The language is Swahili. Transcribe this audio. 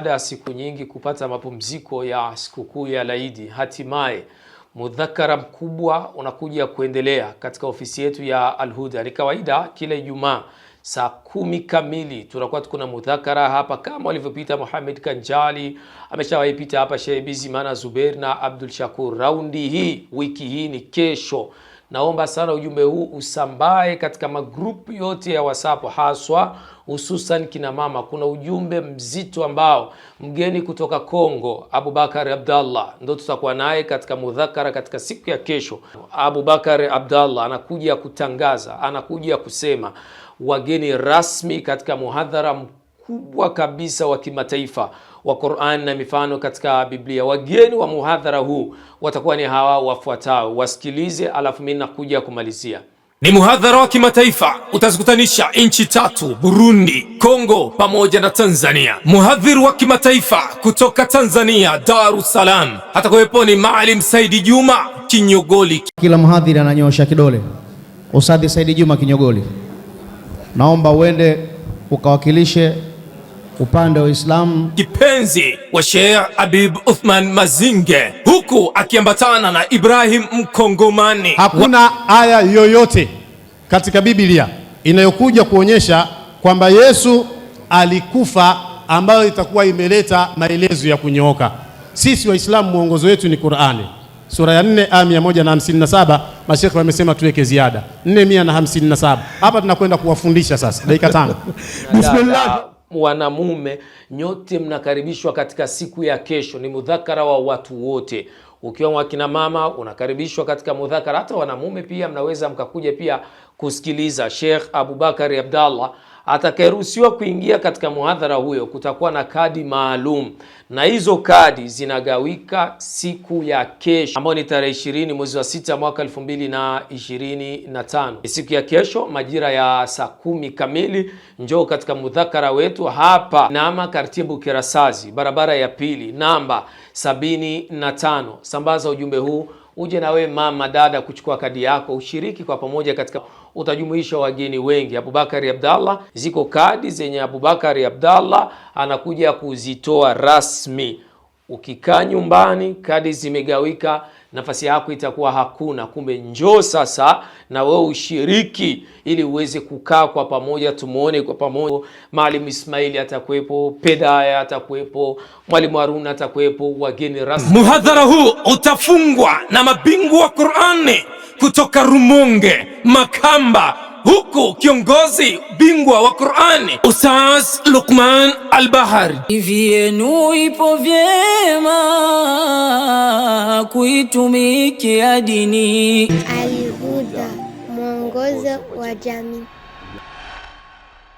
Baada ya siku nyingi kupata mapumziko ya sikukuu ya Laidi, hatimaye mudhakara mkubwa unakuja kuendelea katika ofisi yetu ya Alhuda. Ni kawaida kila Ijumaa saa kumi kamili tunakuwa tuko na mudhakara hapa, kama walivyopita Mohamed Kanjali, ameshawahi pita hapa Shehe Bizimana Zuber na Abdul Shakur. Raundi hii wiki hii ni kesho. Naomba sana ujumbe huu usambae katika magrupu yote ya wasapo haswa hususan kina mama. Kuna ujumbe mzito ambao mgeni kutoka Kongo Abubakar Abdallah ndo tutakuwa naye katika mudhakara katika siku ya kesho. Abubakar Abdallah anakuja kutangaza, anakuja kusema wageni rasmi katika muhadhara mkubwa kabisa wa kimataifa wa Qur'an na mifano katika Biblia. Wageni wa muhadhara huu watakuwa ni hawa wafuatao, wasikilize, alafu mimi nakuja kumalizia. Ni muhadhara wa kimataifa utazikutanisha nchi tatu: Burundi, Kongo pamoja na Tanzania. Muhadhiri wa kimataifa kutoka Tanzania, Dar es Salaam, atakuwepo ni Maalim Saidi Juma Kinyogoli. Kila mhadhiri ananyosha kidole. Ustadhi Saidi Juma Kinyogoli, naomba uende ukawakilishe upande wa Uislamu, kipenzi wa Sheikh Habib Uthman Mazinge, huku akiambatana na Ibrahim Mkongomani. Hakuna aya yoyote katika Biblia inayokuja kuonyesha kwamba Yesu alikufa ambayo itakuwa imeleta maelezo ya kunyooka. Sisi Waislamu mwongozo wetu ni Qur'ani sura ya 4 aya 157. Mashekhe wamesema tuweke ziada 457. Hapa tunakwenda kuwafundisha sasa dakika tano. Bismillah wanamume, nyote mnakaribishwa katika siku ya kesho. Ni mudhakara wa watu wote ukiwa wakina mama unakaribishwa katika mudhakara. Hata wanamume pia mnaweza mkakuja pia kusikiliza. Sheikh Abubakari Abdallah atakayeruhusiwa kuingia katika muhadhara huyo, kutakuwa na kadi maalum, na hizo kadi zinagawika siku ya kesho, ambayo ni tarehe 20 mwezi wa 6 mwaka 2025, siku ya kesho majira ya saa kumi kamili. Njoo katika mudhakara wetu hapa Nama, Kartier Bukirasazi, barabara ya pili namba 75 sambaza ujumbe huu, uje na wewe mama, dada, kuchukua kadi yako, ushiriki kwa pamoja katika, utajumuisha wageni wengi. Abubakari Abdallah, ziko kadi zenye Abubakari Abdallah anakuja kuzitoa rasmi. Ukikaa nyumbani, kadi zimegawika nafasi yako itakuwa hakuna. Kumbe njoo sasa na wewe ushiriki, ili uweze kukaa kwa pamoja, tumuone kwa pamoja. Mwalimu Ismaili atakuwepo, Pedaya atakuwepo, Mwalimu Haruna atakuwepo, wageni rasmi. Muhadhara huu utafungwa na mabingwa wa Qur'ani kutoka Rumonge, Makamba huku kiongozi bingwa wa Qur'ani Ustaz Luqman Al-Bahari. Hivi yenu ipo vyema kuitumikia dini. al mwongozo wa jamii.